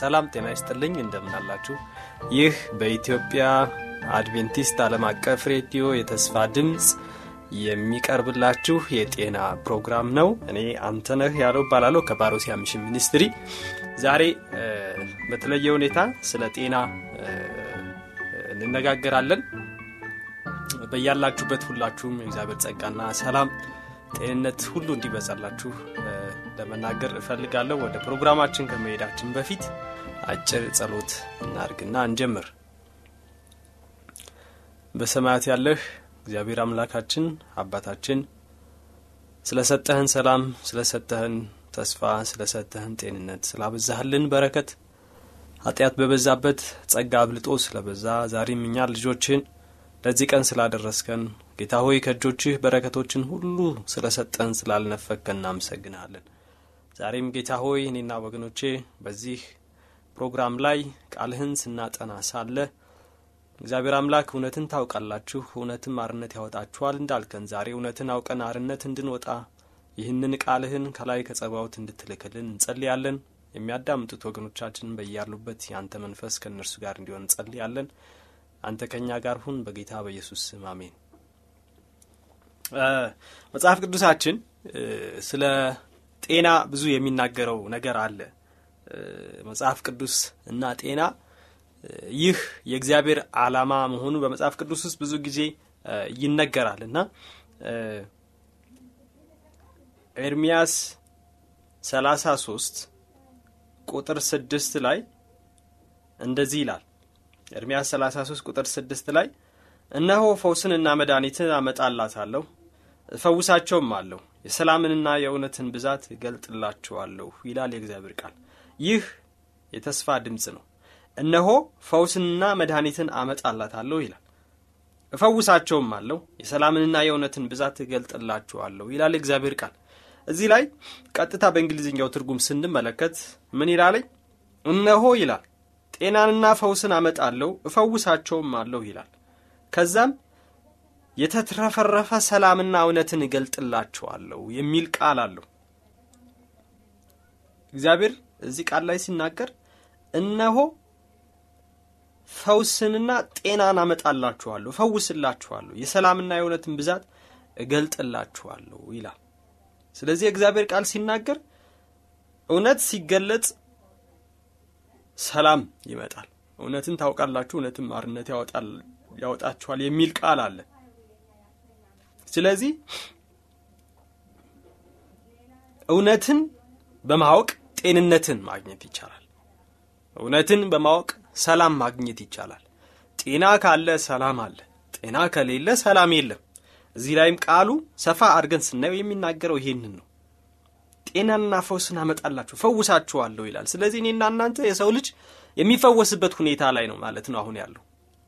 ሰላም ጤና ይስጥልኝ፣ እንደምናላችሁ። ይህ በኢትዮጵያ አድቬንቲስት ዓለም አቀፍ ሬዲዮ የተስፋ ድምፅ የሚቀርብላችሁ የጤና ፕሮግራም ነው። እኔ አንተነህ ያለው እባላለሁ ከባሮሲያ ምሽን ሚኒስትሪ። ዛሬ በተለየ ሁኔታ ስለ ጤና እንነጋገራለን። በያላችሁበት ሁላችሁም የእግዚአብሔር ጸጋና ሰላም፣ ጤንነት ሁሉ እንዲበጸላችሁ ለመናገር እፈልጋለሁ። ወደ ፕሮግራማችን ከመሄዳችን በፊት አጭር ጸሎት እናርግና እንጀምር። በሰማያት ያለህ እግዚአብሔር አምላካችን አባታችን ስለ ሰጠህን ሰላም፣ ስለ ሰጠህን ተስፋ፣ ስለ ሰጠህን ጤንነት፣ ስላበዛህልን በረከት ኃጢአት በበዛበት ጸጋ አብልጦ ስለ በዛ ዛሬም እኛ ልጆችን ለዚህ ቀን ስላደረስከን ጌታ ሆይ ከእጆችህ በረከቶችን ሁሉ ስለ ሰጠህን ስላልነፈከን እናመሰግናለን። ዛሬም ጌታ ሆይ እኔና ወገኖቼ በዚህ ፕሮግራም ላይ ቃልህን ስናጠና ሳለ እግዚአብሔር አምላክ እውነትን ታውቃላችሁ፣ እውነትም አርነት ያወጣችኋል እንዳልከን ዛሬ እውነትን አውቀን አርነት እንድንወጣ ይህንን ቃልህን ከላይ ከጸባዖት እንድትልክልን እንጸልያለን። የሚያዳምጡት ወገኖቻችን በያሉበት የአንተ መንፈስ ከእነርሱ ጋር እንዲሆን እንጸልያለን። አንተ ከእኛ ጋር ሁን፣ በጌታ በኢየሱስ ስም አሜን። መጽሐፍ ቅዱሳችን ስለ ጤና ብዙ የሚናገረው ነገር አለ መጽሐፍ ቅዱስ እና ጤና ይህ የእግዚአብሔር ዓላማ መሆኑ በመጽሐፍ ቅዱስ ውስጥ ብዙ ጊዜ ይነገራል እና ኤርሚያስ 33 ቁጥር 6 ላይ እንደዚህ ይላል። ኤርሚያስ 33 ቁጥር 6 ላይ እነሆ ፈውስንና መድኃኒትን አመጣላታለሁ እፈውሳቸውም አለሁ የሰላምንና የእውነትን ብዛት እገልጥላችኋለሁ ይላል የእግዚአብሔር ቃል። ይህ የተስፋ ድምፅ ነው። እነሆ ፈውስንና መድኃኒትን አመጣላታለሁ ይላል። እፈውሳቸውም አለው። የሰላምንና የእውነትን ብዛት እገልጥላችኋለሁ ይላል የእግዚአብሔር ቃል። እዚህ ላይ ቀጥታ በእንግሊዝኛው ትርጉም ስንመለከት ምን ይላለኝ? እነሆ ይላል ጤናንና ፈውስን አመጣለሁ እፈውሳቸውም አለሁ ይላል። ከዛም የተትረፈረፈ ሰላምና እውነትን እገልጥላችኋለሁ የሚል ቃል አለው። እግዚአብሔር እዚህ ቃል ላይ ሲናገር እነሆ ፈውስንና ጤናን አመጣላችኋለሁ፣ ፈውስላችኋለሁ፣ የሰላምና የእውነትን ብዛት እገልጥላችኋለሁ ይላል። ስለዚህ እግዚአብሔር ቃል ሲናገር እውነት ሲገለጽ ሰላም ይመጣል። እውነትን ታውቃላችሁ፣ እውነትን ማርነት ያወጣችኋል የሚል ቃል አለ። ስለዚህ እውነትን በማወቅ ጤንነትን ማግኘት ይቻላል። እውነትን በማወቅ ሰላም ማግኘት ይቻላል። ጤና ካለ ሰላም አለ። ጤና ከሌለ ሰላም የለም። እዚህ ላይም ቃሉ ሰፋ አድርገን ስናየው የሚናገረው ይሄንን ነው። ጤናና ፈውስን አመጣላችሁ ፈውሳችኋለሁ ይላል። ስለዚህ እኔና እናንተ የሰው ልጅ የሚፈወስበት ሁኔታ ላይ ነው ማለት ነው አሁን ያለው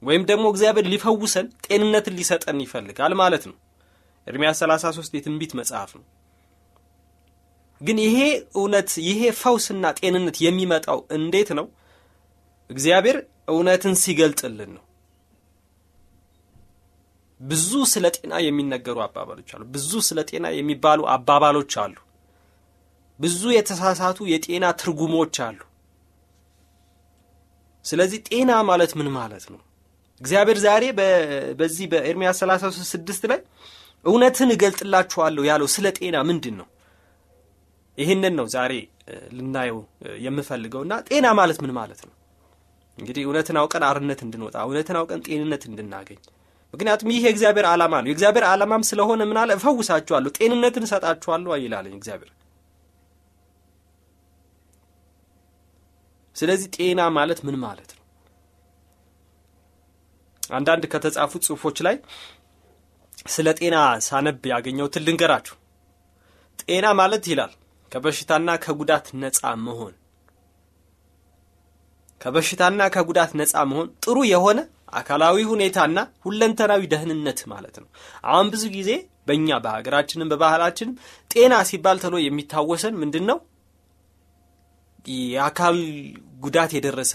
ወይም ደግሞ እግዚአብሔር ሊፈውሰን ጤንነትን ሊሰጠን ይፈልጋል ማለት ነው። ኤርምያስ 33 የትንቢት መጽሐፍ ነው። ግን ይሄ እውነት ይሄ ፈውስና ጤንነት የሚመጣው እንዴት ነው? እግዚአብሔር እውነትን ሲገልጥልን ነው። ብዙ ስለ ጤና የሚነገሩ አባባሎች አሉ። ብዙ ስለ ጤና የሚባሉ አባባሎች አሉ። ብዙ የተሳሳቱ የጤና ትርጉሞች አሉ። ስለዚህ ጤና ማለት ምን ማለት ነው? እግዚአብሔር ዛሬ በዚህ በኤርምያስ 33 ስድስት ላይ እውነትን እገልጥላችኋለሁ ያለው ስለ ጤና ምንድን ነው? ይህንን ነው ዛሬ ልናየው የምፈልገውና ጤና ማለት ምን ማለት ነው? እንግዲህ እውነትን አውቀን አርነት እንድንወጣ፣ እውነትን አውቀን ጤንነት እንድናገኝ ምክንያቱም ይህ የእግዚአብሔር ዓላማ ነው። የእግዚአብሔር ዓላማም ስለሆነ ምን አለ? እፈውሳችኋለሁ፣ ጤንነትን እሰጣችኋለሁ ይላለኝ እግዚአብሔር። ስለዚህ ጤና ማለት ምን ማለት ነው? አንዳንድ ከተጻፉት ጽሁፎች ላይ ስለ ጤና ሳነብ ያገኘሁትን ልንገራችሁ። ጤና ማለት ይላል ከበሽታና ከጉዳት ነፃ መሆን ከበሽታና ከጉዳት ነፃ መሆን ጥሩ የሆነ አካላዊ ሁኔታና ሁለንተናዊ ደህንነት ማለት ነው። አሁን ብዙ ጊዜ በእኛ በሀገራችንም በባህላችንም ጤና ሲባል ተሎ የሚታወሰን ምንድን ነው? የአካል ጉዳት የደረሰ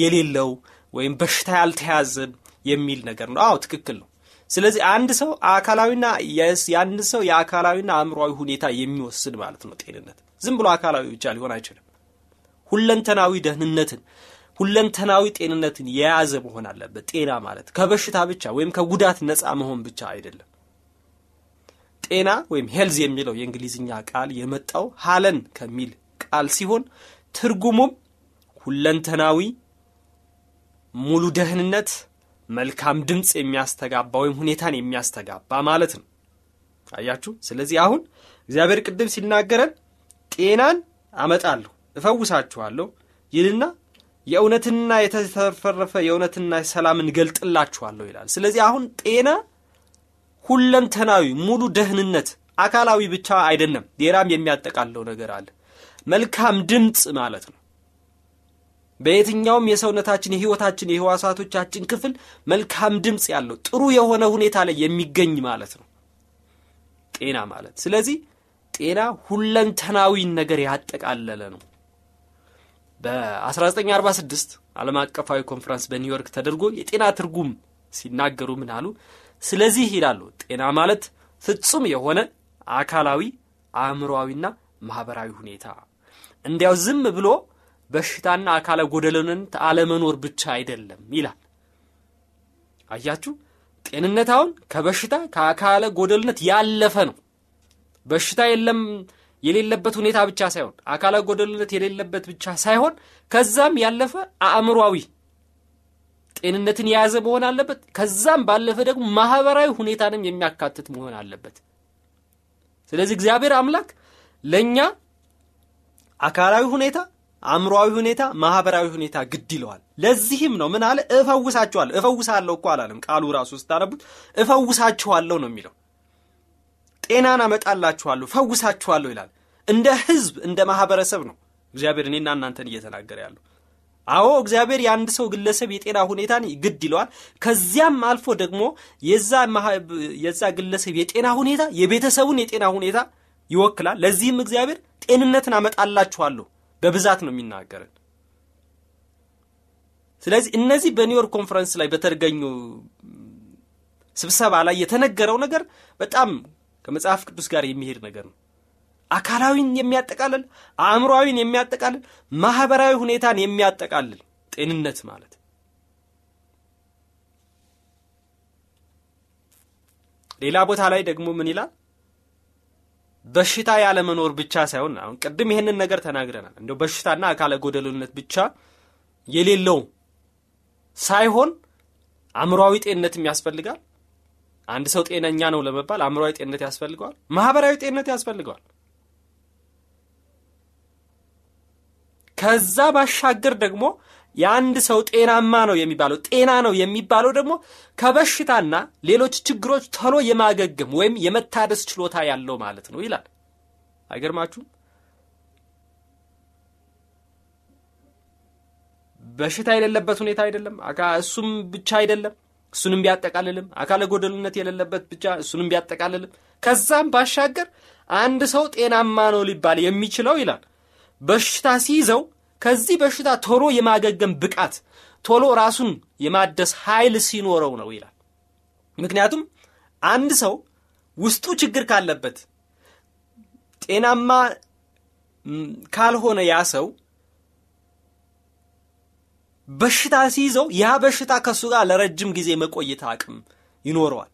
የሌለው ወይም በሽታ ያልተያዘን የሚል ነገር ነው። አዎ ትክክል ነው። ስለዚህ አንድ ሰው አካላዊና የአንድ ሰው የአካላዊና አእምሯዊ ሁኔታ የሚወስድ ማለት ነው ጤንነት። ዝም ብሎ አካላዊ ብቻ ሊሆን አይችልም። ሁለንተናዊ ደህንነትን ሁለንተናዊ ጤንነትን የያዘ መሆን አለበት። ጤና ማለት ከበሽታ ብቻ ወይም ከጉዳት ነፃ መሆን ብቻ አይደለም። ጤና ወይም ሄልዝ የሚለው የእንግሊዝኛ ቃል የመጣው ሀለን ከሚል ቃል ሲሆን ትርጉሙም ሁለንተናዊ ሙሉ ደህንነት መልካም ድምፅ የሚያስተጋባ ወይም ሁኔታን የሚያስተጋባ ማለት ነው። አያችሁ። ስለዚህ አሁን እግዚአብሔር ቅድም ሲናገረን ጤናን አመጣለሁ እፈውሳችኋለሁ ይልና የእውነትና የተፈረፈ የእውነትና ሰላምን ገልጥላችኋለሁ ይላል። ስለዚህ አሁን ጤና ሁለንተናዊ ሙሉ ደህንነት አካላዊ ብቻ አይደለም፣ ሌላም የሚያጠቃለው ነገር አለ። መልካም ድምፅ ማለት ነው። በየትኛውም የሰውነታችን የህይወታችን የህዋሳቶቻችን ክፍል መልካም ድምፅ ያለው ጥሩ የሆነ ሁኔታ ላይ የሚገኝ ማለት ነው ጤና ማለት ስለዚህ ጤና ሁለንተናዊን ነገር ያጠቃለለ ነው በ1946 ዓለም አቀፋዊ ኮንፈረንስ በኒውዮርክ ተደርጎ የጤና ትርጉም ሲናገሩ ምን አሉ ስለዚህ ይላሉ ጤና ማለት ፍጹም የሆነ አካላዊ አእምሮዊና ማህበራዊ ሁኔታ እንዲያው ዝም ብሎ በሽታና አካለ ጎደለነት አለመኖር ብቻ አይደለም ይላል። አያችሁ፣ ጤንነት አሁን ከበሽታ ከአካለ ጎደልነት ያለፈ ነው። በሽታ የለም የሌለበት ሁኔታ ብቻ ሳይሆን አካለ ጎደልነት የሌለበት ብቻ ሳይሆን ከዛም ያለፈ አእምሯዊ ጤንነትን የያዘ መሆን አለበት። ከዛም ባለፈ ደግሞ ማህበራዊ ሁኔታንም የሚያካትት መሆን አለበት። ስለዚህ እግዚአብሔር አምላክ ለእኛ አካላዊ ሁኔታ አምሮዊ ሁኔታ ማህበራዊ ሁኔታ ግድ ይለዋል። ለዚህም ነው ምን አለ እፈውሳችኋለሁ። እፈውሳለሁ እኮ አላለም። ቃሉ ራሱ ስታነቡት እፈውሳችኋለሁ ነው የሚለው። ጤናን አመጣላችኋለሁ፣ ፈውሳችኋለሁ ይላል። እንደ ህዝብ እንደ ማህበረሰብ ነው እግዚአብሔር እኔና እናንተን እየተናገረ ያለው። አዎ እግዚአብሔር የአንድ ሰው ግለሰብ የጤና ሁኔታን ግድ ይለዋል። ከዚያም አልፎ ደግሞ የዛ ግለሰብ የጤና ሁኔታ የቤተሰቡን የጤና ሁኔታ ይወክላል። ለዚህም እግዚአብሔር ጤንነትን አመጣላችኋለሁ በብዛት ነው የሚናገርን። ስለዚህ እነዚህ በኒውዮርክ ኮንፈረንስ ላይ በተገኙ ስብሰባ ላይ የተነገረው ነገር በጣም ከመጽሐፍ ቅዱስ ጋር የሚሄድ ነገር ነው። አካላዊን የሚያጠቃልል፣ አእምሮዊን የሚያጠቃልል፣ ማህበራዊ ሁኔታን የሚያጠቃልል ጤንነት ማለት ሌላ ቦታ ላይ ደግሞ ምን ይላል? በሽታ ያለመኖር ብቻ ሳይሆን አሁን ቅድም ይህንን ነገር ተናግረናል። እንደው በሽታና አካለ ጎደልነት ብቻ የሌለው ሳይሆን አእምሯዊ ጤንነትም ያስፈልጋል። አንድ ሰው ጤነኛ ነው ለመባል አእምሯዊ ጤንነት ያስፈልገዋል፣ ማህበራዊ ጤንነት ያስፈልገዋል። ከዛ ባሻገር ደግሞ የአንድ ሰው ጤናማ ነው የሚባለው ጤና ነው የሚባለው ደግሞ ከበሽታና ሌሎች ችግሮች ቶሎ የማገገም ወይም የመታደስ ችሎታ ያለው ማለት ነው ይላል። አይገርማችሁም? በሽታ የሌለበት ሁኔታ አይደለም። እሱም ብቻ አይደለም። እሱንም ቢያጠቃልልም አካለ ጎደልነት የሌለበት ብቻ እሱንም ቢያጠቃልልም ከዛም ባሻገር አንድ ሰው ጤናማ ነው ሊባል የሚችለው ይላል በሽታ ሲይዘው ከዚህ በሽታ ቶሎ የማገገም ብቃት ቶሎ ራሱን የማደስ ኃይል ሲኖረው ነው ይላል። ምክንያቱም አንድ ሰው ውስጡ ችግር ካለበት ጤናማ ካልሆነ ያ ሰው በሽታ ሲይዘው ያ በሽታ ከእሱ ጋር ለረጅም ጊዜ መቆየት አቅም ይኖረዋል።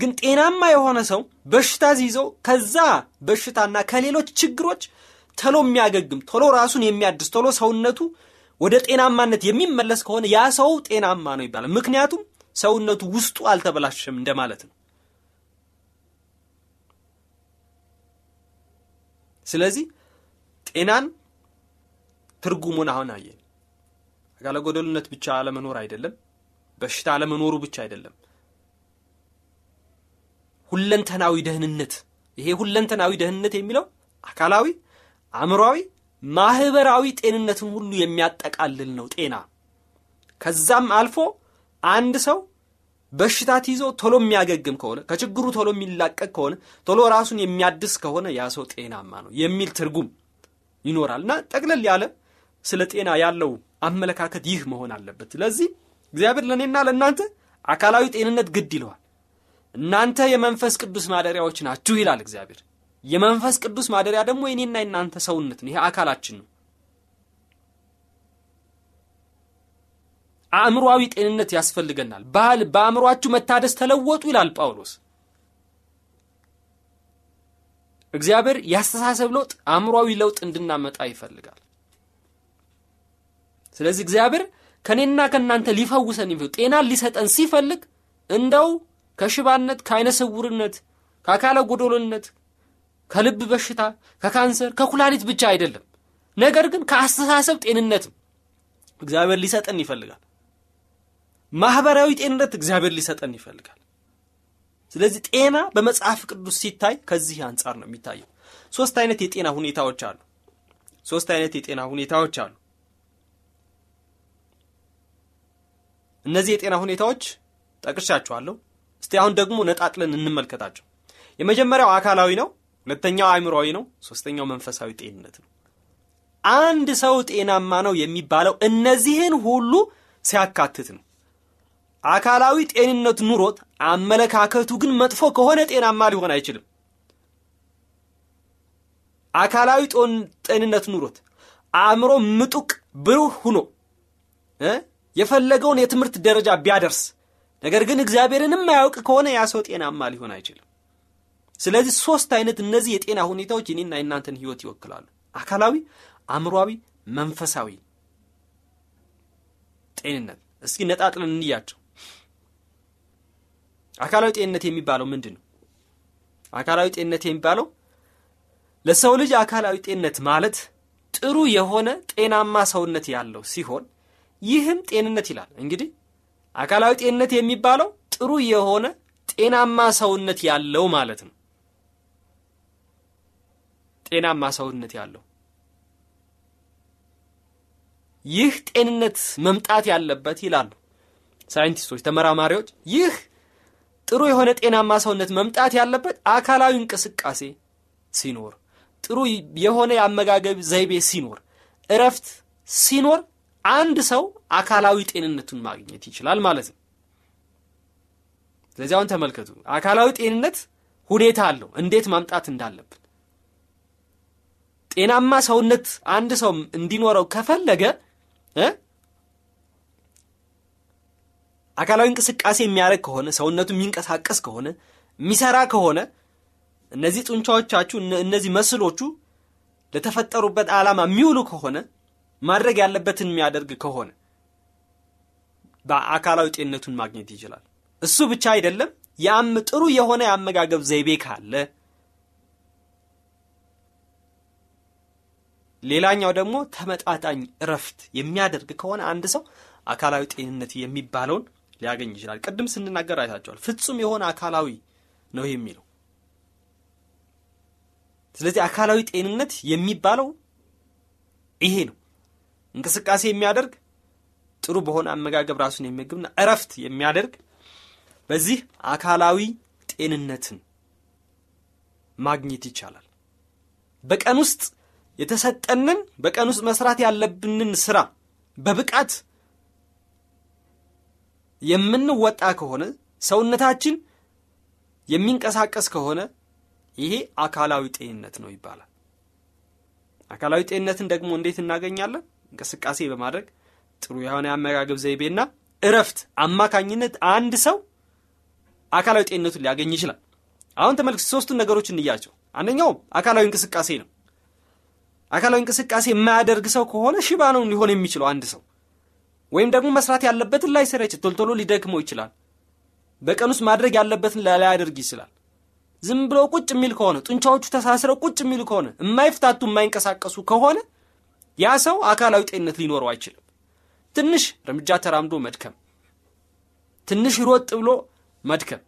ግን ጤናማ የሆነ ሰው በሽታ ሲይዘው ከዛ በሽታና ከሌሎች ችግሮች ተሎ የሚያገግም ቶሎ ራሱን የሚያድስ ቶሎ ሰውነቱ ወደ ጤናማነት የሚመለስ ከሆነ ያ ሰው ጤናማ ነው ይባላል። ምክንያቱም ሰውነቱ ውስጡ አልተበላሸም እንደማለት ነው። ስለዚህ ጤናን ትርጉሙን አሁን አየን። አካለ ጎደሉነት ብቻ አለመኖር አይደለም፣ በሽታ አለመኖሩ ብቻ አይደለም። ሁለንተናዊ ደህንነት። ይሄ ሁለንተናዊ ደህንነት የሚለው አካላዊ አእምሯዊ፣ ማህበራዊ ጤንነትን ሁሉ የሚያጠቃልል ነው ጤና። ከዛም አልፎ አንድ ሰው በሽታ ይዞ ቶሎ የሚያገግም ከሆነ ከችግሩ ቶሎ የሚላቀቅ ከሆነ ቶሎ ራሱን የሚያድስ ከሆነ ያ ሰው ጤናማ ነው የሚል ትርጉም ይኖራል እና ጠቅለል ያለ ስለ ጤና ያለው አመለካከት ይህ መሆን አለበት። ስለዚህ እግዚአብሔር ለእኔና ለእናንተ አካላዊ ጤንነት ግድ ይለዋል። እናንተ የመንፈስ ቅዱስ ማደሪያዎች ናችሁ ይላል እግዚአብሔር። የመንፈስ ቅዱስ ማደሪያ ደግሞ የኔና የናንተ ሰውነት ነው። ይሄ አካላችን ነው። አእምሯዊ ጤንነት ያስፈልገናል። ባል በአእምሯችሁ መታደስ ተለወጡ ይላል ጳውሎስ። እግዚአብሔር የአስተሳሰብ ለውጥ አእምሯዊ ለውጥ እንድናመጣ ይፈልጋል። ስለዚህ እግዚአብሔር ከእኔና ከእናንተ ሊፈውሰን ጤና ሊሰጠን ሲፈልግ እንደው ከሽባነት፣ ከአይነ ስውርነት፣ ከአካለ ጎዶልነት ከልብ በሽታ፣ ከካንሰር፣ ከኩላሊት ብቻ አይደለም። ነገር ግን ከአስተሳሰብ ጤንነትም እግዚአብሔር ሊሰጠን ይፈልጋል። ማህበራዊ ጤንነት እግዚአብሔር ሊሰጠን ይፈልጋል። ስለዚህ ጤና በመጽሐፍ ቅዱስ ሲታይ ከዚህ አንጻር ነው የሚታየው። ሶስት አይነት የጤና ሁኔታዎች አሉ። ሶስት አይነት የጤና ሁኔታዎች አሉ። እነዚህ የጤና ሁኔታዎች ጠቅሻችኋለሁ። እስቲ አሁን ደግሞ ነጣጥለን እንመልከታቸው። የመጀመሪያው አካላዊ ነው። ሁለተኛው አእምሮዊ ነው። ሶስተኛው መንፈሳዊ ጤንነት ነው። አንድ ሰው ጤናማ ነው የሚባለው እነዚህን ሁሉ ሲያካትት ነው። አካላዊ ጤንነት ኑሮት አመለካከቱ ግን መጥፎ ከሆነ ጤናማ ሊሆን አይችልም። አካላዊ ጤንነት ኑሮት አእምሮ ምጡቅ ብሩህ ሁኖ የፈለገውን የትምህርት ደረጃ ቢያደርስ ነገር ግን እግዚአብሔርን የማያውቅ ከሆነ ያ ሰው ጤናማ ሊሆን አይችልም። ስለዚህ ሶስት አይነት እነዚህ የጤና ሁኔታዎች እኔና የእናንተን ህይወት ይወክላሉ። አካላዊ፣ አእምሯዊ፣ መንፈሳዊ ጤንነት። እስኪ ነጣጥለን እንያቸው። አካላዊ ጤንነት የሚባለው ምንድን ነው? አካላዊ ጤንነት የሚባለው ለሰው ልጅ አካላዊ ጤንነት ማለት ጥሩ የሆነ ጤናማ ሰውነት ያለው ሲሆን ይህም ጤንነት ይላል። እንግዲህ አካላዊ ጤንነት የሚባለው ጥሩ የሆነ ጤናማ ሰውነት ያለው ማለት ነው። ጤናማ ሰውነት ያለው ይህ ጤንነት መምጣት ያለበት ይላሉ ሳይንቲስቶች፣ ተመራማሪዎች። ይህ ጥሩ የሆነ ጤናማ ሰውነት መምጣት ያለበት አካላዊ እንቅስቃሴ ሲኖር፣ ጥሩ የሆነ የአመጋገብ ዘይቤ ሲኖር፣ እረፍት ሲኖር አንድ ሰው አካላዊ ጤንነቱን ማግኘት ይችላል ማለት ነው። ስለዚህ አሁን ተመልከቱ፣ አካላዊ ጤንነት ሁኔታ አለው እንዴት ማምጣት እንዳለብን ጤናማ ሰውነት አንድ ሰው እንዲኖረው ከፈለገ አካላዊ እንቅስቃሴ የሚያደርግ ከሆነ ሰውነቱ የሚንቀሳቀስ ከሆነ የሚሰራ ከሆነ እነዚህ ጡንቻዎቻችሁ እነዚህ መስሎቹ ለተፈጠሩበት ዓላማ የሚውሉ ከሆነ ማድረግ ያለበትን የሚያደርግ ከሆነ በአካላዊ ጤንነቱን ማግኘት ይችላል። እሱ ብቻ አይደለም፣ ያም ጥሩ የሆነ የአመጋገብ ዘይቤ ካለ ሌላኛው ደግሞ ተመጣጣኝ እረፍት የሚያደርግ ከሆነ አንድ ሰው አካላዊ ጤንነት የሚባለውን ሊያገኝ ይችላል። ቅድም ስንናገር አይታቸዋል። ፍጹም የሆነ አካላዊ ነው የሚለው። ስለዚህ አካላዊ ጤንነት የሚባለው ይሄ ነው። እንቅስቃሴ የሚያደርግ ጥሩ በሆነ አመጋገብ ራሱን የሚመግብና እረፍት የሚያደርግ በዚህ አካላዊ ጤንነትን ማግኘት ይቻላል። በቀን ውስጥ የተሰጠንን በቀን ውስጥ መስራት ያለብንን ስራ በብቃት የምንወጣ ከሆነ ሰውነታችን የሚንቀሳቀስ ከሆነ ይሄ አካላዊ ጤንነት ነው ይባላል። አካላዊ ጤንነትን ደግሞ እንዴት እናገኛለን? እንቅስቃሴ በማድረግ ጥሩ የሆነ የአመጋገብ ዘይቤና እረፍት አማካኝነት አንድ ሰው አካላዊ ጤንነቱን ሊያገኝ ይችላል። አሁን ተመልክ ሶስቱን ነገሮች እንያቸው። አንደኛው አካላዊ እንቅስቃሴ ነው። አካላዊ እንቅስቃሴ የማያደርግ ሰው ከሆነ ሽባ ነው ሊሆን የሚችለው አንድ ሰው ወይም ደግሞ መስራት ያለበትን ላይሰራ ይችላል። ቶልቶሎ ሊደክመው ይችላል። በቀን ውስጥ ማድረግ ያለበትን ላያደርግ ይችላል። ዝም ብሎ ቁጭ የሚል ከሆነ ጡንቻዎቹ ተሳስረው ቁጭ የሚል ከሆነ የማይፍታቱ የማይንቀሳቀሱ ከሆነ ያ ሰው አካላዊ ጤንነት ሊኖረው አይችልም። ትንሽ እርምጃ ተራምዶ መድከም፣ ትንሽ ሮጥ ብሎ መድከም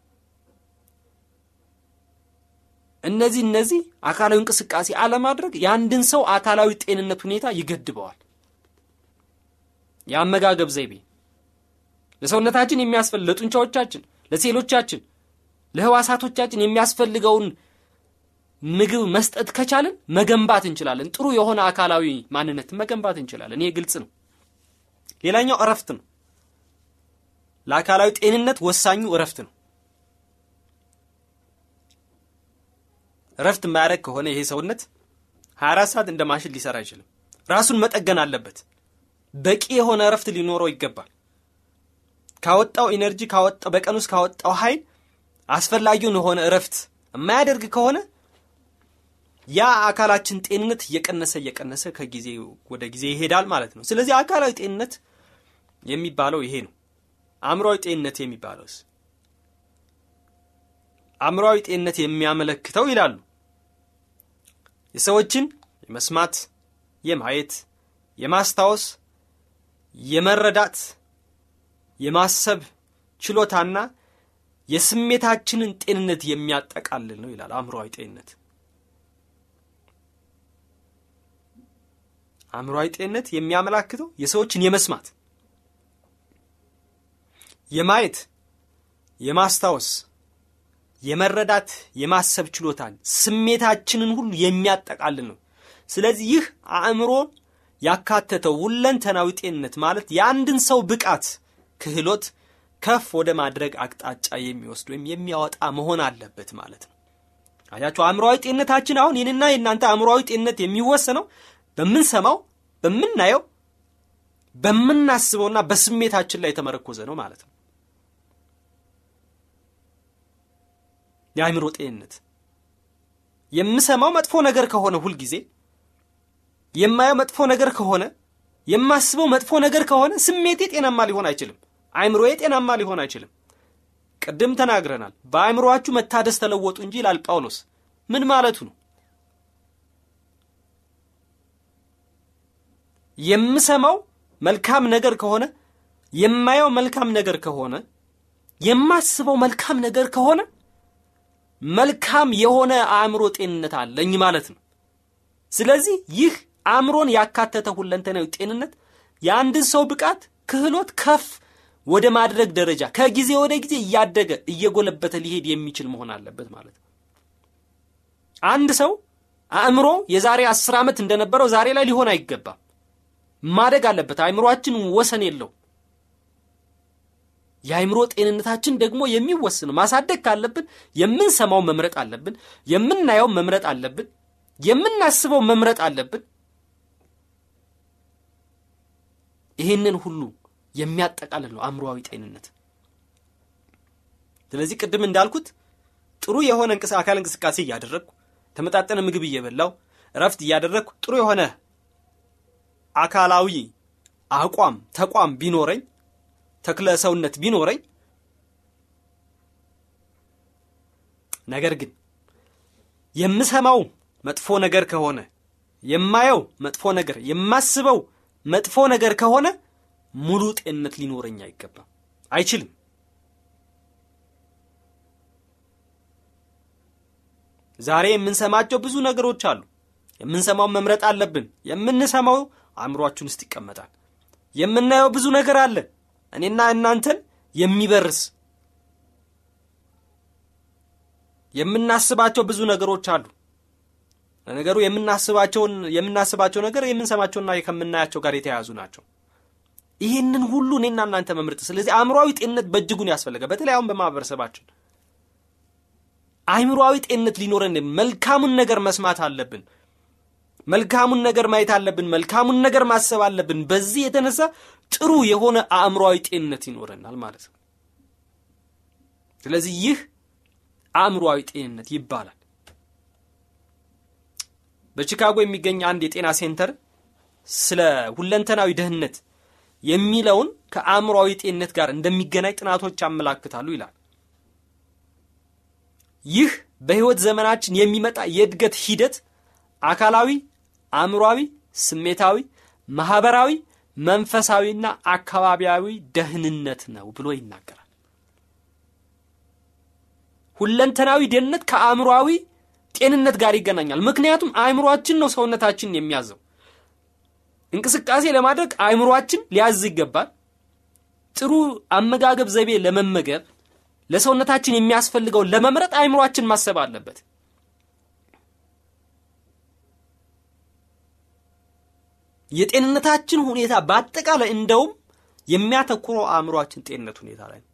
እነዚህ እነዚህ አካላዊ እንቅስቃሴ አለማድረግ የአንድን ሰው አካላዊ ጤንነት ሁኔታ ይገድበዋል። የአመጋገብ ዘይቤ ለሰውነታችን የሚያስፈልግ ለጡንቻዎቻችን፣ ለሴሎቻችን፣ ለህዋሳቶቻችን የሚያስፈልገውን ምግብ መስጠት ከቻልን መገንባት እንችላለን። ጥሩ የሆነ አካላዊ ማንነትን መገንባት እንችላለን። ይሄ ግልጽ ነው። ሌላኛው እረፍት ነው። ለአካላዊ ጤንነት ወሳኙ እረፍት ነው። ረፍት ማያደረግ ከሆነ ይሄ ሰውነት 24 ሰዓት እንደ ማሽን ሊሰራ አይችልም። ራሱን መጠገን አለበት። በቂ የሆነ እረፍት ሊኖረው ይገባል። ካወጣው ኢነርጂ ካወጣው በቀን ውስጥ ካወጣው ኃይል አስፈላጊውን የሆነ እረፍት የማያደርግ ከሆነ ያ አካላችን ጤንነት እየቀነሰ እየቀነሰ ከጊዜ ወደ ጊዜ ይሄዳል ማለት ነው። ስለዚህ አካላዊ ጤንነት የሚባለው ይሄ ነው። አእምሯዊ ጤንነት የሚባለውስ አእምሯዊ ጤንነት የሚያመለክተው ይላሉ የሰዎችን የመስማት የማየት የማስታወስ የመረዳት የማሰብ ችሎታና የስሜታችንን ጤንነት የሚያጠቃልል ነው ይላል አእምሮዊ ጤንነት። አእምሮዊ ጤንነት የሚያመላክተው የሰዎችን የመስማት የማየት የማስታወስ የመረዳት የማሰብ ችሎታን ስሜታችንን ሁሉ የሚያጠቃልል ነው። ስለዚህ ይህ አእምሮ ያካተተው ሁለንተናዊ ጤንነት ማለት የአንድን ሰው ብቃት፣ ክህሎት ከፍ ወደ ማድረግ አቅጣጫ የሚወስድ ወይም የሚያወጣ መሆን አለበት ማለት ነው። አያቸው አእምሮዊ ጤንነታችን አሁን ይህንና የእናንተ አእምሮዊ ጤንነት የሚወሰነው በምንሰማው፣ በምናየው፣ በምናስበውና በስሜታችን ላይ የተመረኮዘ ነው ማለት ነው። የአእምሮ ጤንነት የምሰማው መጥፎ ነገር ከሆነ ሁልጊዜ የማየው መጥፎ ነገር ከሆነ የማስበው መጥፎ ነገር ከሆነ ስሜቴ ጤናማ ሊሆን አይችልም። አእምሮዬ ጤናማ ሊሆን አይችልም። ቅድም ተናግረናል። በአእምሮችሁ መታደስ ተለወጡ እንጂ ይላል ጳውሎስ። ምን ማለቱ ነው? የምሰማው መልካም ነገር ከሆነ የማየው መልካም ነገር ከሆነ የማስበው መልካም ነገር ከሆነ መልካም የሆነ አእምሮ ጤንነት አለኝ ማለት ነው። ስለዚህ ይህ አእምሮን ያካተተ ሁለንተናዊ ጤንነት የአንድን ሰው ብቃት፣ ክህሎት ከፍ ወደ ማድረግ ደረጃ ከጊዜ ወደ ጊዜ እያደገ እየጎለበተ ሊሄድ የሚችል መሆን አለበት ማለት ነው። አንድ ሰው አእምሮ የዛሬ አስር ዓመት እንደነበረው ዛሬ ላይ ሊሆን አይገባም። ማደግ አለበት። አእምሮአችን ወሰን የለው የአይምሮ ጤንነታችን ደግሞ የሚወስን ማሳደግ ካለብን የምንሰማው መምረጥ አለብን። የምናየው መምረጥ አለብን። የምናስበው መምረጥ አለብን። ይህንን ሁሉ የሚያጠቃልል ነው አእምሮዊ ጤንነት። ስለዚህ ቅድም እንዳልኩት ጥሩ የሆነ አካል እንቅስቃሴ እያደረግኩ ተመጣጠነ ምግብ እየበላው እረፍት እያደረግኩ ጥሩ የሆነ አካላዊ አቋም ተቋም ቢኖረኝ ተክለ ሰውነት ቢኖረኝ ነገር ግን የምሰማው መጥፎ ነገር ከሆነ የማየው መጥፎ ነገር የማስበው መጥፎ ነገር ከሆነ ሙሉ ጤንነት ሊኖረኝ አይገባም አይችልም ዛሬ የምንሰማቸው ብዙ ነገሮች አሉ የምንሰማው መምረጥ አለብን የምንሰማው አእምሯችን ውስጥ ይቀመጣል የምናየው ብዙ ነገር አለ እኔና እናንተን የሚበርስ የምናስባቸው ብዙ ነገሮች አሉ። ለነገሩ የምናስባቸውን የምናስባቸው ነገር የምንሰማቸውና ከምናያቸው ጋር የተያያዙ ናቸው። ይህንን ሁሉ እኔና እናንተ መምርጥ ስለዚህ አእምሯዊ ጤንነት በእጅጉን ያስፈለገ በተለይ አሁን በማህበረሰባችን አእምሯዊ ጤንነት ሊኖረን መልካሙን ነገር መስማት አለብን። መልካሙን ነገር ማየት አለብን። መልካሙን ነገር ማሰብ አለብን። በዚህ የተነሳ ጥሩ የሆነ አእምሯዊ ጤንነት ይኖረናል ማለት ነው። ስለዚህ ይህ አእምሯዊ ጤንነት ይባላል። በቺካጎ የሚገኝ አንድ የጤና ሴንተር ስለ ሁለንተናዊ ደህንነት የሚለውን ከአእምሯዊ ጤንነት ጋር እንደሚገናኝ ጥናቶች ያመላክታሉ ይላል። ይህ በሕይወት ዘመናችን የሚመጣ የእድገት ሂደት አካላዊ፣ አእምሯዊ፣ ስሜታዊ፣ ማኅበራዊ መንፈሳዊና አካባቢያዊ ደህንነት ነው ብሎ ይናገራል። ሁለንተናዊ ደህንነት ከአእምሯዊ ጤንነት ጋር ይገናኛል። ምክንያቱም አእምሯችን ነው ሰውነታችን የሚያዘው። እንቅስቃሴ ለማድረግ አእምሯችን ሊያዝ ይገባል። ጥሩ አመጋገብ ዘይቤ ለመመገብ ለሰውነታችን የሚያስፈልገውን ለመምረጥ አእምሯችን ማሰብ አለበት። የጤንነታችን ሁኔታ በአጠቃላይ እንደውም የሚያተኩረው አእምሯችን ጤንነት ሁኔታ ላይ ነው።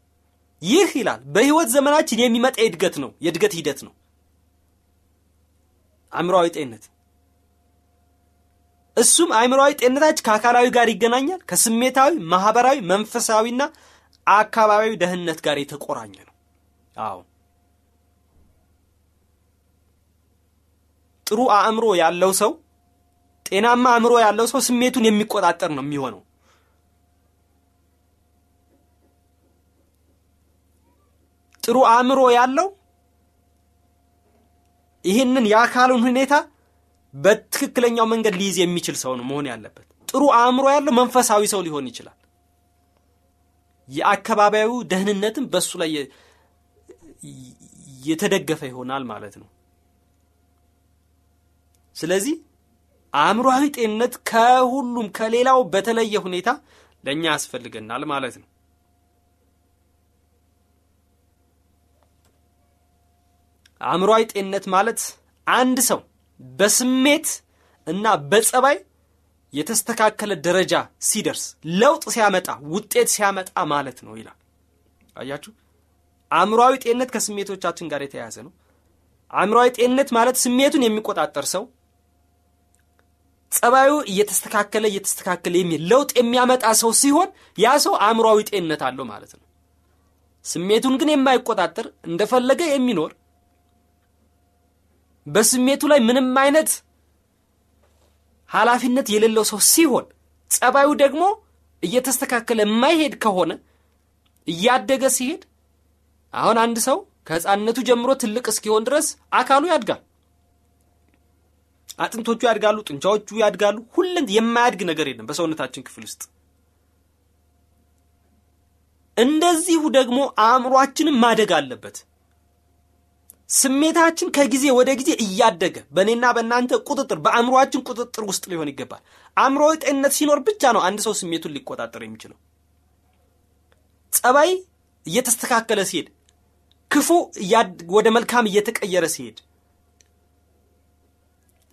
ይህ ይላል በህይወት ዘመናችን የሚመጣ የድገት ነው የድገት ሂደት ነው አእምሯዊ ጤንነት። እሱም አእምሯዊ ጤንነታችን ከአካላዊ ጋር ይገናኛል። ከስሜታዊ፣ ማህበራዊ፣ መንፈሳዊና አካባቢዊ ደህንነት ጋር የተቆራኘ ነው። አዎ ጥሩ አእምሮ ያለው ሰው ጤናማ አእምሮ ያለው ሰው ስሜቱን የሚቆጣጠር ነው የሚሆነው። ጥሩ አእምሮ ያለው ይህንን የአካሉን ሁኔታ በትክክለኛው መንገድ ሊይዝ የሚችል ሰው ነው መሆን ያለበት። ጥሩ አእምሮ ያለው መንፈሳዊ ሰው ሊሆን ይችላል። የአካባቢያዊ ደህንነትም በእሱ ላይ የተደገፈ ይሆናል ማለት ነው። ስለዚህ አእምሯዊ ጤንነት ከሁሉም ከሌላው በተለየ ሁኔታ ለእኛ ያስፈልገናል ማለት ነው። አእምሯዊ ጤንነት ማለት አንድ ሰው በስሜት እና በጸባይ የተስተካከለ ደረጃ ሲደርስ ለውጥ ሲያመጣ ውጤት ሲያመጣ ማለት ነው ይላል። አያችሁ፣ አእምሯዊ ጤንነት ከስሜቶቻችን ጋር የተያያዘ ነው። አእምሯዊ ጤንነት ማለት ስሜቱን የሚቆጣጠር ሰው ጸባዩ እየተስተካከለ እየተስተካከለ የሚል ለውጥ የሚያመጣ ሰው ሲሆን ያ ሰው አእምሯዊ ጤንነት አለው ማለት ነው። ስሜቱን ግን የማይቆጣጠር እንደፈለገ የሚኖር በስሜቱ ላይ ምንም አይነት ኃላፊነት የሌለው ሰው ሲሆን ጸባዩ ደግሞ እየተስተካከለ የማይሄድ ከሆነ እያደገ ሲሄድ አሁን አንድ ሰው ከህፃንነቱ ጀምሮ ትልቅ እስኪሆን ድረስ አካሉ ያድጋል። አጥንቶቹ ያድጋሉ፣ ጡንቻዎቹ ያድጋሉ። ሁሉን የማያድግ ነገር የለም በሰውነታችን ክፍል ውስጥ። እንደዚሁ ደግሞ አእምሯችንም ማደግ አለበት። ስሜታችን ከጊዜ ወደ ጊዜ እያደገ በእኔና በእናንተ ቁጥጥር በአእምሯችን ቁጥጥር ውስጥ ሊሆን ይገባል። አእምሮዊ ጤንነት ሲኖር ብቻ ነው አንድ ሰው ስሜቱን ሊቆጣጠር የሚችለው። ጸባይ እየተስተካከለ ሲሄድ፣ ክፉ ወደ መልካም እየተቀየረ ሲሄድ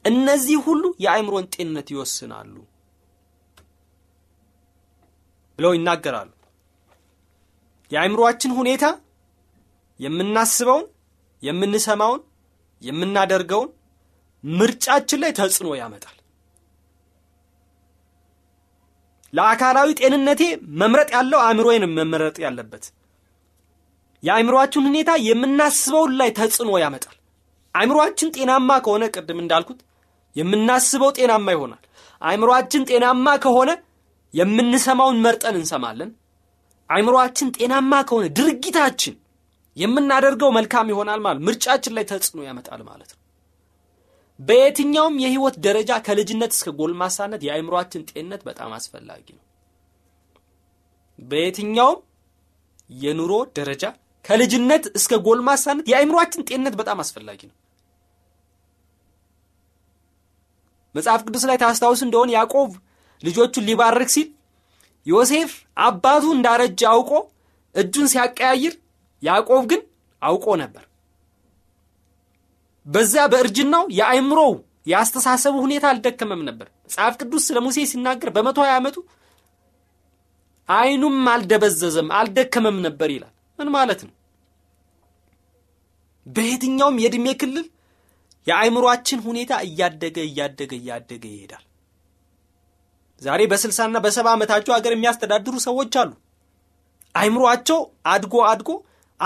እነዚህ ሁሉ የአእምሮን ጤንነት ይወስናሉ ብለው ይናገራሉ። የአእምሮአችን ሁኔታ የምናስበውን፣ የምንሰማውን፣ የምናደርገውን ምርጫችን ላይ ተጽዕኖ ያመጣል። ለአካላዊ ጤንነቴ መምረጥ ያለው አእምሮዬን መምረጥ ያለበት። የአእምሮአችን ሁኔታ የምናስበውን ላይ ተጽዕኖ ያመጣል። አእምሮአችን ጤናማ ከሆነ ቅድም እንዳልኩት የምናስበው ጤናማ ይሆናል። አይምሮአችን ጤናማ ከሆነ የምንሰማውን መርጠን እንሰማለን። አይምሮአችን ጤናማ ከሆነ ድርጊታችን የምናደርገው መልካም ይሆናል ማለት ምርጫችን ላይ ተጽዕኖ ያመጣል ማለት ነው። በየትኛውም የህይወት ደረጃ ከልጅነት እስከ ጎልማሳነት የአይምሮአችን ጤንነት በጣም አስፈላጊ ነው። በየትኛውም የኑሮ ደረጃ ከልጅነት እስከ ጎልማሳነት የአይምሮአችን ጤንነት በጣም አስፈላጊ ነው። መጽሐፍ ቅዱስ ላይ ታስታውስ እንደሆን ያዕቆብ ልጆቹን ሊባርክ ሲል ዮሴፍ አባቱ እንዳረጀ አውቆ እጁን ሲያቀያይር ያዕቆብ ግን አውቆ ነበር በዚያ በእርጅናው የአይምሮው የአስተሳሰቡ ሁኔታ አልደከመም ነበር መጽሐፍ ቅዱስ ስለ ሙሴ ሲናገር በመቶ ሀያ ዓመቱ አይኑም አልደበዘዘም አልደከመም ነበር ይላል ምን ማለት ነው በየትኛውም የእድሜ ክልል የአእምሯችን ሁኔታ እያደገ እያደገ እያደገ ይሄዳል። ዛሬ በስልሳና በሰባ ዓመታቸው ሀገር የሚያስተዳድሩ ሰዎች አሉ። አእምሯቸው አድጎ አድጎ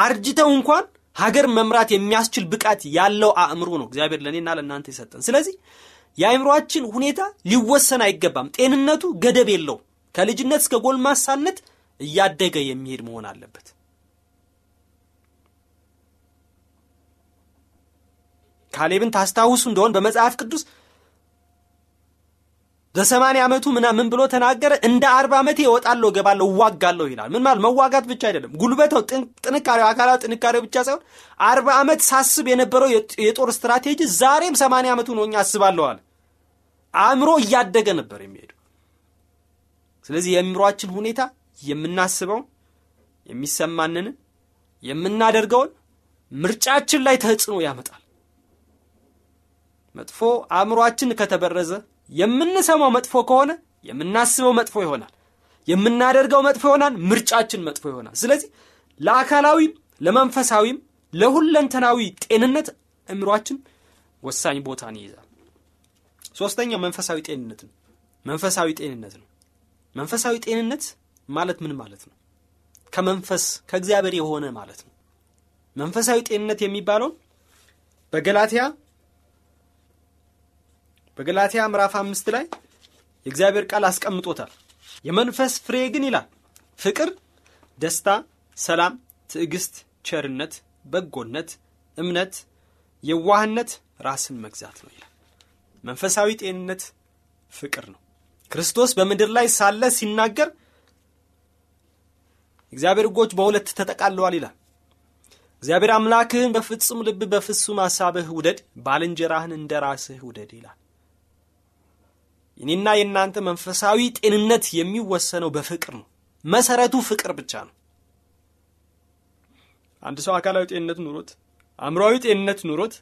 አርጅተው እንኳን ሀገር መምራት የሚያስችል ብቃት ያለው አእምሮ ነው እግዚአብሔር ለእኔና ለእናንተ የሰጠን። ስለዚህ የአእምሯችን ሁኔታ ሊወሰን አይገባም። ጤንነቱ ገደብ የለው። ከልጅነት እስከ ጎልማሳነት እያደገ የሚሄድ መሆን አለበት። ካሌብን ታስታውሱ እንደሆን በመጽሐፍ ቅዱስ በሰማኒያ ዓመቱ ምና ምን ብሎ ተናገረ? እንደ አርባ ዓመቴ እወጣለሁ ገባለሁ እዋጋለሁ ይላል። ምን ማለት መዋጋት ብቻ አይደለም፣ ጉልበተው ጥንካሬው፣ አካላዊ ጥንካሬው ብቻ ሳይሆን አርባ ዓመት ሳስብ የነበረው የጦር ስትራቴጂ ዛሬም ሰማንያ ዓመቱ ነው እኛ አለ አእምሮ እያደገ ነበር የሚሄዱ ስለዚህ የአእምሯችን ሁኔታ የምናስበውን፣ የሚሰማንን፣ የምናደርገውን ምርጫችን ላይ ተጽዕኖ ያመጣል። መጥፎ አእምሯችን ከተበረዘ የምንሰማው መጥፎ ከሆነ የምናስበው መጥፎ ይሆናል የምናደርገው መጥፎ ይሆናል ምርጫችን መጥፎ ይሆናል ስለዚህ ለአካላዊም ለመንፈሳዊም ለሁለንተናዊ ጤንነት እምሯችን ወሳኝ ቦታን ይይዛል ሶስተኛው መንፈሳዊ ጤንነት ነው መንፈሳዊ ጤንነት ነው መንፈሳዊ ጤንነት ማለት ምን ማለት ነው ከመንፈስ ከእግዚአብሔር የሆነ ማለት ነው መንፈሳዊ ጤንነት የሚባለው በገላትያ በገላትያ ምዕራፍ አምስት ላይ የእግዚአብሔር ቃል አስቀምጦታል። የመንፈስ ፍሬ ግን ይላል ፍቅር፣ ደስታ፣ ሰላም፣ ትዕግስት፣ ቸርነት፣ በጎነት፣ እምነት፣ የዋህነት፣ ራስን መግዛት ነው ይላል። መንፈሳዊ ጤንነት ፍቅር ነው። ክርስቶስ በምድር ላይ ሳለ ሲናገር እግዚአብሔር ሕጎች በሁለት ተጠቃለዋል ይላል። እግዚአብሔር አምላክህን በፍጹም ልብ በፍጹም አሳብህ ውደድ፣ ባልንጀራህን እንደ ራስህ ውደድ ይላል። የኔና የእናንተ መንፈሳዊ ጤንነት የሚወሰነው በፍቅር ነው። መሰረቱ ፍቅር ብቻ ነው። አንድ ሰው አካላዊ ጤንነት ኑሮት አእምሯዊ ጤንነት ኑሮት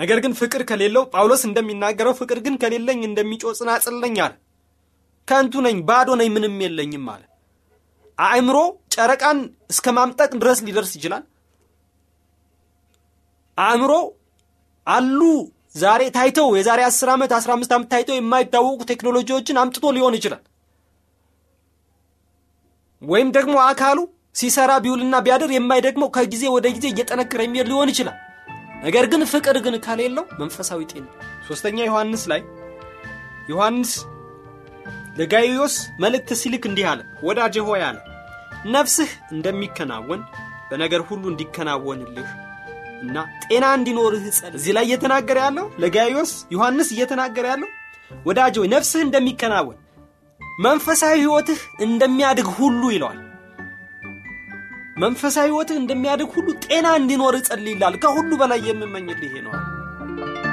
ነገር ግን ፍቅር ከሌለው ጳውሎስ እንደሚናገረው ፍቅር ግን ከሌለኝ እንደሚጮህ ጽናጽል አለ። ከንቱ ነኝ፣ ባዶ ነኝ፣ ምንም የለኝም አለ። አእምሮ ጨረቃን እስከ ማምጠቅ ድረስ ሊደርስ ይችላል። አእምሮ አሉ ዛሬ ታይተው የዛሬ 10 ዓመት 15 ዓመት ታይተው የማይታወቁ ቴክኖሎጂዎችን አምጥቶ ሊሆን ይችላል። ወይም ደግሞ አካሉ ሲሰራ ቢውልና ቢያድር የማይደግመው ከጊዜ ወደ ጊዜ እየጠነከረ የሚሄድ ሊሆን ይችላል። ነገር ግን ፍቅር ግን ከሌለው መንፈሳዊ ጤና ሶስተኛ ዮሐንስ ላይ ዮሐንስ ለጋይዮስ መልእክት ሲልክ እንዲህ አለ፣ ወዳጄ ሆይ አለ ነፍስህ እንደሚከናወን በነገር ሁሉ እንዲከናወንልህ እና ጤና እንዲኖርህ ጸል እዚህ ላይ እየተናገረ ያለው ለጋዮስ ዮሐንስ እየተናገረ ያለው ወዳጅ ሆይ ነፍስህ እንደሚከናወን መንፈሳዊ ህይወትህ እንደሚያድግ ሁሉ ይለዋል መንፈሳዊ ህይወትህ እንደሚያድግ ሁሉ ጤና እንዲኖርህ ጸልይ ይላል ከሁሉ በላይ የምመኝልህ ይሄ ነዋል